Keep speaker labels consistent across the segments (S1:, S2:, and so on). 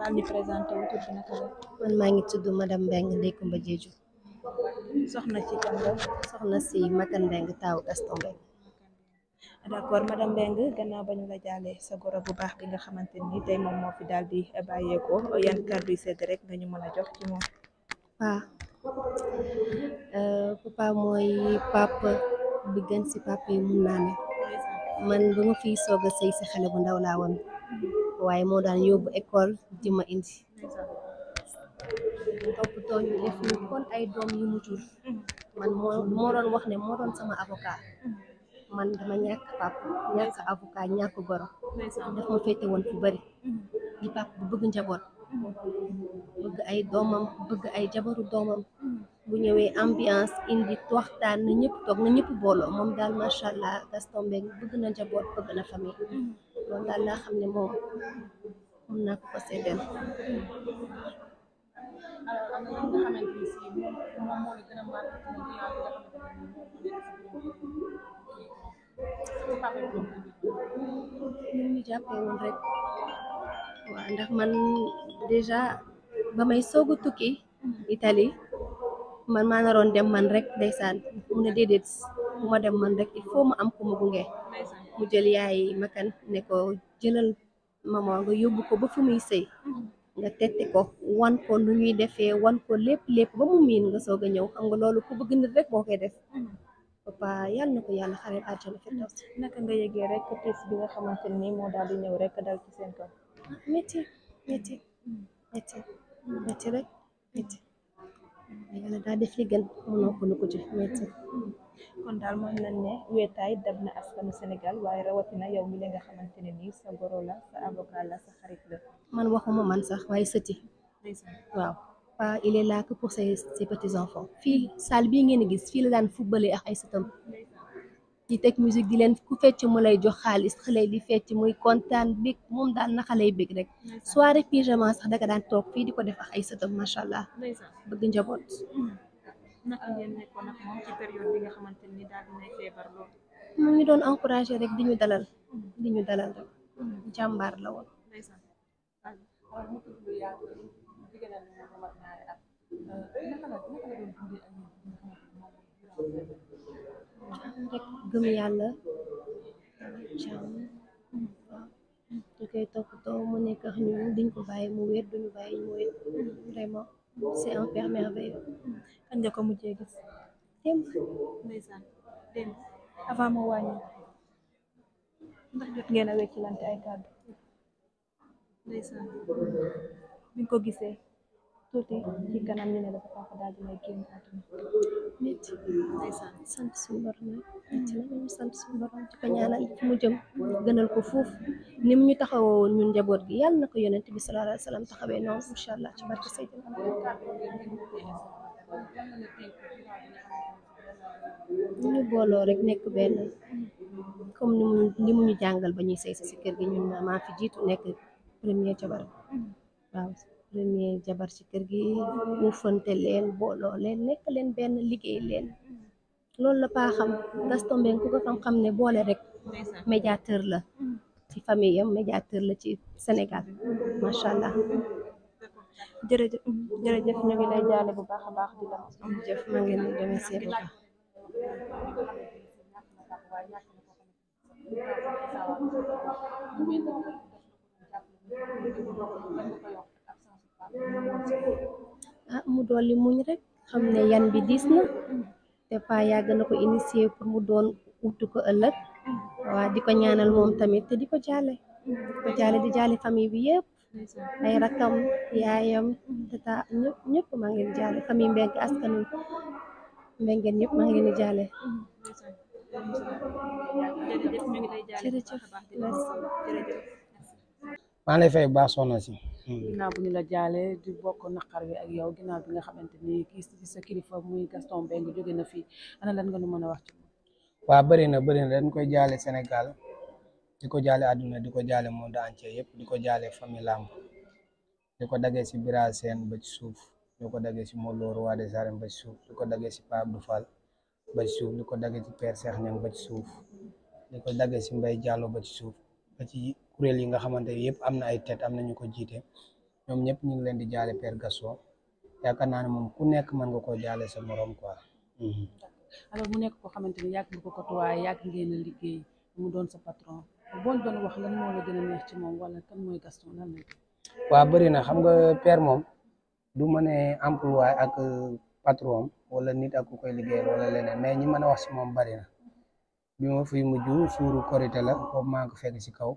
S1: maa ngi présenté wu tur bi naka la. man maa ngi
S2: tudd madame Mbengue Ndeye Comba soxna ci kan soxna si Makan Mbengue taawu Gaston Mbengue. d'accord madame Mbengue gannaaw ba la jàllee sa goro bu baax bi nga xamante ni tey moom moo fi daal di bàyyeekoo yan kàddu yi sedd rek nga ñu man a jox ci moom. waaw euh, papa mooy papa bi gën si papa yi mun naa man ba ma fiy soog a sëy si xale bu ndaw laa woon. Mm-hmm. waaye moo daan yóbbu école di ma indi toppatoo ñu def ñu kon ay doom yu mu man moo moo doon wax ne moo doon sama avocat man dama ñàkk pap ñàkk avocat ñàkk goro daf ma féete woon fu bari di pap bu bëgg njaboot bëgg ay doomam bëgg ay jabaru doomam bu ñëwee ambiance indi waxtaan na ñëpp na ñëpp booloo moom daal macha allah Gaston Mbengue bëgg na njaboot bëgg na famille loolu daal laa xam ne moom mun naa ko ko seedeel ñu ñu jàppee rek ndax man déjà ba may soog a tukki Italie man ma naroon dem man rek ndeysaan mu ne déedéet bu ma dem man rek il faut ma am ku ma gunge mu jël yaay makan ne ko jëlal mama nga yóbbu ko ba fu muy sëy nga tette ko wan ko nu ñuy defee wan ko lépp lépp ba mu miin nga soog a ñëw xam nga loolu ku bëgg nit rek moo koy def papa yàlla na ko yàlla xareel àjjana firdaws naka nga yëgee rek tiis bi nga xamante ni moo daal di ñëw rek dal ci seen kaw métti métti métti rek métti yàlla daa def li gën mënoo ko lu ko kon daal mën nañ ne wéetaay dab na askanu Sénégal waaye rawatina yow mi la nga xamante ne nii sa goro la sa avocat la sa xarit la man waxuma man sax waaye sëti waaw paa il est là que pour ses ses petits enfants fii ngeen gis fii la daan footballé a ay sëtam di teg musique di ku fecc mu lay jox xaalis xale di fecc muy kontaan bég moom daal na xale yi bég rek soirée pyjama sax daka daan toog fii di ko def ak ay sëtam macha allah
S1: bëgg njaboot mm. naka moom nga xamante ni daal dina ngi doon
S2: encouragé rek di ñu dalal. di rek. Mm-hmm. jàmbaar la woon. rek gëm yàlla jàmm ñu koy toppatoo mu nekk ak ñun duñ ko bàyyi mu wér duñu bàyyi mu wér vraiment. c'est un père merveilleux kan nga ko mujjee gis démb ndeysaan démb avant moo jot ngeen a wéccilante ay kàddu ndeysaan ko gisee tuuti ci kanam ñu ne dafa papa daal dina génn àdduna métti sant suñu borom nag métti na ñu ci ko ñaanal mu gënal ko foofu ni ñu taxawoo woon ñun njaboot gi yàlla na ko yonent bi sallallahu alayhi wa taxawee noonu incha allah ci barke Seydina ñu rek nekk benn comme jàngal ba ñuy sëy si kër gi ñun maa fi jiitu nekk premier jabar premier jabar ci kër gi mu leen booloo leen nekk leen benn liggéey leen loolu la paa xam Gaston Mbengue ku ko xam-xam ne boole rek médiateur la ci famille am médiateur la ci Sénégal macha allah. jërëjëf jërëjëf ñu ngi jaale bu baax
S1: a baax di la am jëf maa ngi leen di remercier bu baax
S2: ah mu dolli muñ rek xam ne yan bi diis na te pa yàgg na ko initier pour mu doon ubbi ko ëllëg waa di ko ñaanal moom tamit te di ko jaale di ko jaale di jaale famille bi yëpp ay rakam yaayam tata ñëpp ñëpp maa ngi leen jaale famille Mbengue askanu Mbengue ñëpp maa jaale
S3: Mm.
S1: ginnaaw na ñu la jaale di bokk naqar wi ak yow ginnaaw bi nga xamante ni kii ci sa kilifa muy Gaston Mbengue jóge na fii ana lan nga nu mën a wax ci
S3: waaw bëri na bëri na koy jaale Sénégal di ko jaale àdduna di ko jaale monde entier yëpp di ko jaale famille di ko dagee si Bira Sène ba ci suuf di ko dagee si Modou Lo roi des arènes ba ci suuf di ko dagee si Pape Abdou Fall ba suuf di ko dagee ci Père Cheikh ko ci suuf ba kuréel yi nga xamante ne yëpp am na ay tet am na ñu ko jiite ñoom ñëpp ñu ngi leen di jaale Père Gaston yaakaar naa ne moom ku nekk mën nga koo jaale sa moroom quoi. Mhm.
S1: mu nekk koo xamante ni yàgg nga ko kotuwaay yàgg ngeen a liggéey mu doon sa patron boo doon wax la gën waaw bëri na xam nga
S3: Père moom du ma ne emploi ak euh, patron wala nit ak ku koy liggéeyal wala leneen mais ñi mën a wax si moom bëri na bi ma fiy mujj suuru korité ko maa ngi fekk si kaw.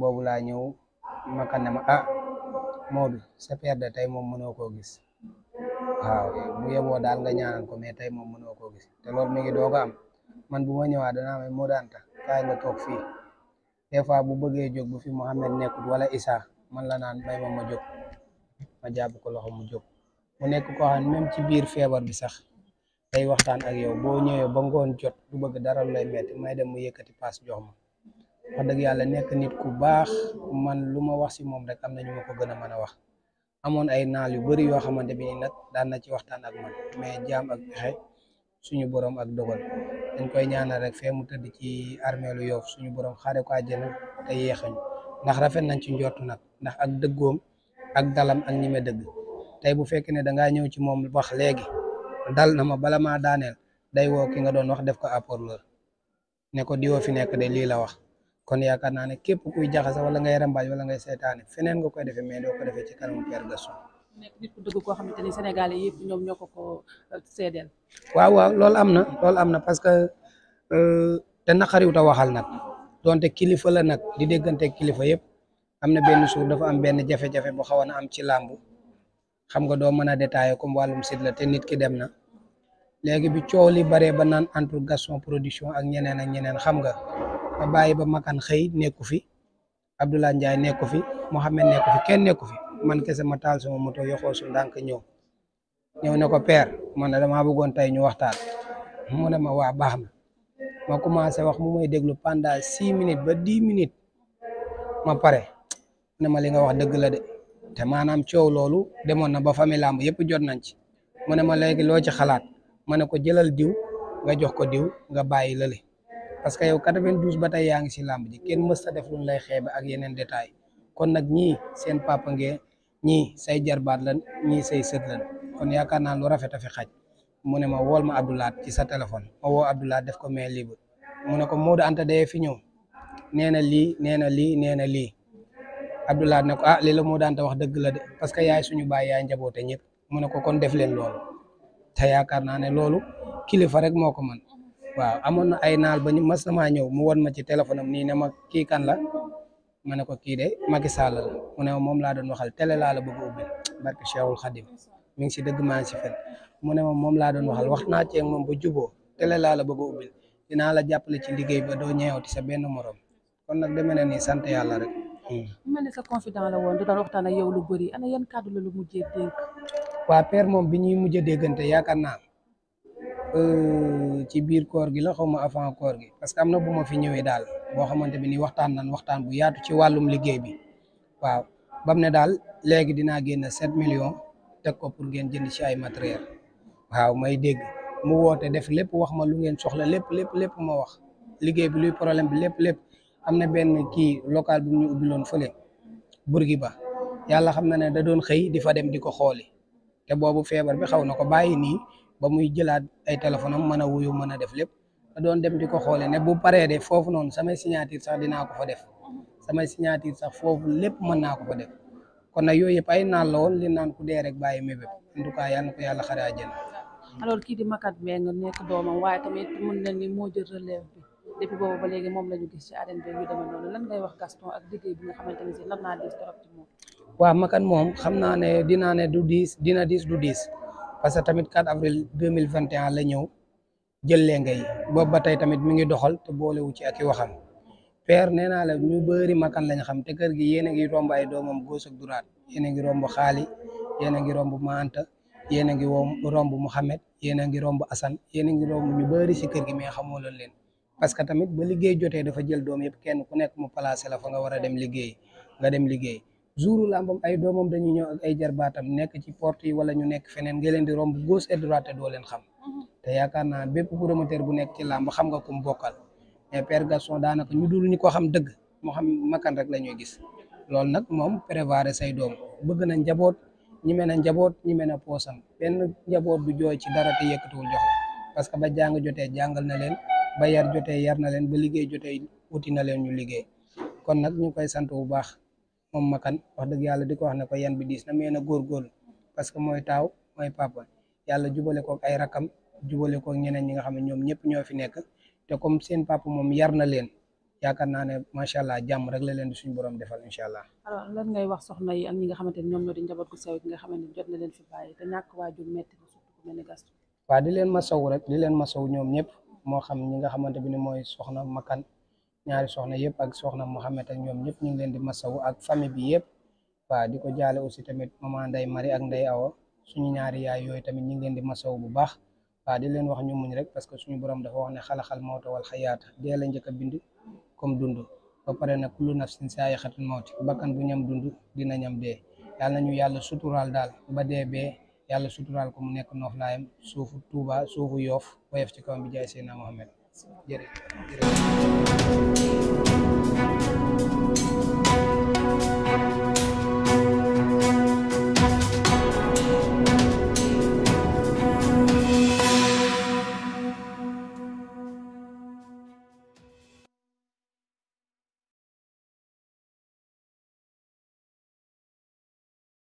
S3: boobu laa ñëw ma kan ma ah Modou sa père de tey moom mënoo koo gis waaw bu yeboo daal nga ñaanal ko mais tey moom mënoo koo gis
S1: te loolu mi ngi doog a am
S3: man bu ma ñëwaat danaa may Modou Anta kaay nga toog fii des fois bu bëggee jóg bu fi Mouhamed nekkut wala Issa man la naan may ma ma jóg ma jàpp ko loxo mu jóg mu nekk koo xam même ci biir feebar bi sax day waxtaan ak yow boo ñëwee ba ngoon jot du bëgg dara lu lay metti may dem mu yëkkati paas jox ma. wax dëgg yàlla nekk nit ku baax man lu ma wax si moom rek am na ñu ma ko gën a mën a wax amoon ay naal yu bëri yoo xamante bi nii nag daan na ci waxtaan ak man mais jaam ak pexe suñu borom ak dogal dañ koy ñaanal rek fee mu tëdd ci armeelu Yoff suñu borom xaare ko àjjana te yeexañu ndax rafet nañ ci njort nag ndax ak dëggoom ak dalam ak ñi dëgg tey bu fekkee ne dangaa ñëw ci moom wax léegi dal na ma bala ma daaneel day woo nga doon wax def ko apporteur ne ko diwoo fi nekk de lii la wax kon yaakaar naa ne képp kuy jaxase wala ngay rambaaj wala ngay seetaane feneen nga koy defee mais doo ko defee ci kanamu Père Gaston nekk nit ku koo xamante
S1: ni Sénégal ñoo ko ko euh, seedeel
S3: waaw waaw am na lool am na parce que euh, te naqariwut a waxal nag donte kilifa la nag di déggante kilifa yëpp am na benn suur dafa am benn jafe-jafe bu xawoon a am ci làmb xam nga doo mën a détaillé comme wàllum sit la te nit ki dem na léegi bi coow li baree ba naan entre Gaston Production ak ñeneen ak ñeneen xam nga ba bàyyi ba makan xëy nekku fi Abdoulaye Ndiaye nekku fi Mohamed nekku fi kenn nekku fi man kese ma taal sama moto yoxoo su ndànk ñëw ñëw ne ko père man ne damaa bëggoon tey ñu waxtaan mu ne ma waa baax na ma commencé wax mu may déglu pendant six minutes ba dix minutes ma pare mu ne ma li nga wax dëgg la de te maanaam coow loolu demoon na ba famille làmb yëpp jot nañ ci mu ne ma léegi loo ci xalaat ma ne ko jëlal diw nga jox ko diw nga bàyyi lale parce que yow 92 ba tey yaa ngi si làmb ji kenn mës ta def lu lay xeebe ak yeneen détail kon nag ñii seen papa ngeen ñii say jarbaat lan ñii say sët lan kon yaakaar naa lu rafet a fi xaj mu ne ma wool ma Abdoulaat ci sa téléphone ma woo Abdoulaat def ko main libre mu ne ko Modou Anta dayee fi ñëw nee na lii nee na lii nee na lii Abdoulaat ne ko ah lii la Modou Anta wax dëgg la de parce que yaay suñu baay yaay njaboote ñëpp mu ne ko kon def leen loolu te yaakaar naa ne loolu kilifa rek moo ko waaw amoon na ay naal ba ñu mas namaa mu won ma ci téléphone am nii ne ma kii kan la ma ne ko kii de Macky Sall la mu ne moom laa doon waxal télé laa la bëgg ubbi barke Cheikhul Khadim mi ngi si dëgg maa ngi si fen mu ne moom moom laa doon waxal wax naa cee moom ba juboo télé laa la bëgg ubbil dinaa la jàppale ci liggéey ba doo ñeewati sa benn morom kon nag deme na ni sant yàlla rek.
S1: mu sa confident la woon di waxtaan ak yow lu ana
S3: waa père moom bi ñuy mujj a déggante yaakaar naa euh, ci biir koor gi la xaw ma avant koor gi parce que am na bu ma fi ñëwee daal boo xamante bi ni waxtaan nan waxtaan bu yaatu ci wàllum liggéey bi waaw bam ne daal léegi dinaa génn sept million teg ko pour ngeen jënd ci ay matériel waaw may dégg mu woote def lépp wax ma lu ngeen soxla lépp lépp lépp ma wax liggéey bi luy problème bi lépp lépp am na benn kii local bu ñu ubbiloon fële Bourguiba yàlla xam na ne da doon xëy di fa dem di ko xooli te boobu feebar bi xaw na ko bàyyi nii ba muy jëlaat ay téléphone am mën a wuyu mën a def lépp te doon dem di ko xoolee ne bu paree de foofu noonu samay signature sax dinaa ko fa def samay signature sax foofu lépp mën naa ko fa def kon nag yooyu yëpp ay naan la woon li naan ku dee rek bàyyi mébét en tout cas yal na ko yàlla xare àjjana
S1: kii di Maguette Mbengue nekk doomam waaye tamit mën na ni moo jël relève bi depuis boobu ba léegi moom la gis ci arène bi yu demee noonu lan ngay wax Gaston ak liggéey
S3: waaw makan moom xam naa ne dinaa ne du diis dina diis du diis parce que tamit 4 avril 2021 la ñëw jël lenge yi boobu ba tey tamit mi ngi doxal te boolewu ci ak i waxam père nee naa la ñu bëri makan lañ xam te kër gi yéen a ngi romb ay doomam góos ak duraat yéen ngi romb xaali yéen a ngi romb maanta yéen a ngi romb Mouhamed yéen a ngi romb Assane yéen a ngi romb ñu bëri si kër gi mais xamoo leen leen parce que tamit ba liggéey jotee dafa jël doom yëpp kenn ku nekk mu placé la fa nga war a dem liggéey nga dem liggéey jouru làmbam ay doomam dañuy ñëw ak ay jarbaatam nekk ci porte yi wala ñu nekk feneen nga leen di romb gauche et droite doo xam mhm. te yaakaar naa bépp promoteur bu nekk ci làmb xam nga ku mu bokkal mais Père Gaston daanaka ñu dul ñu ko xam dëgg moo xam makan rek la gis loolu nag moom prévoir say doom bëgg na njaboot ñi mel na njaboot ñi mel na poosam benn njaboot du jooy ci dara te yëkkatuwul jox parce que ba jàng jotee jàngal na leen ba yar jotee yar na leen ba liggéey jotee uti na leen ñu liggéey kon nag ñu koy sant bu baax moom makan wax dëgg yàlla di ko wax na ko yan bi diis na meena na góorgóorlu parce que mooy taaw mooy papa yàlla jubale kook ay rakam jubale kook ñeneen ñi nga xam ne ñoom ñëpp ñoo fi nekk te comme seen papa moom yar na leen yaakaar naa ne macha allah jàmm rek la leen di suñu borom defal incha allah.
S1: lan ngay wax soxna yi ak ñi nga xamante ne ñoom ñoo di njaboot gu sew nga xamante leen fi bàyyi te ñàkk waaw di leen
S3: ma sow rek di leen ma sow ñoom ñëpp moo xam ñi nga xamante bi ni mooy soxna makan ñaari soxna yëpp ak soxna Mouhamed ak ñoom ñëpp ñu ngi leen di masawu ak famille bi yëpp waa di ko jaale aussi tamit maman Ndeye Marie ak Ndeye Awa suñu ñaari yaay yooyu tamit ñu ngi leen di masawu bu baax waa di leen wax ñu muñ rek parce que suñu borom dafa wax ne xalaxal mawta wal xayaata dee la njëkk a bind comme dund ba pare nag kullu nafsin saayaxatul mawti bakkan bu ñam dund dina ñam dee na ñu yàlla sutural daal ba dee bee yàlla suturaal ko mu nekk noof laayam suufu Tuuba suufu Yoof woyof ci kawam bi jaay Seydina Mohamed jërëjëf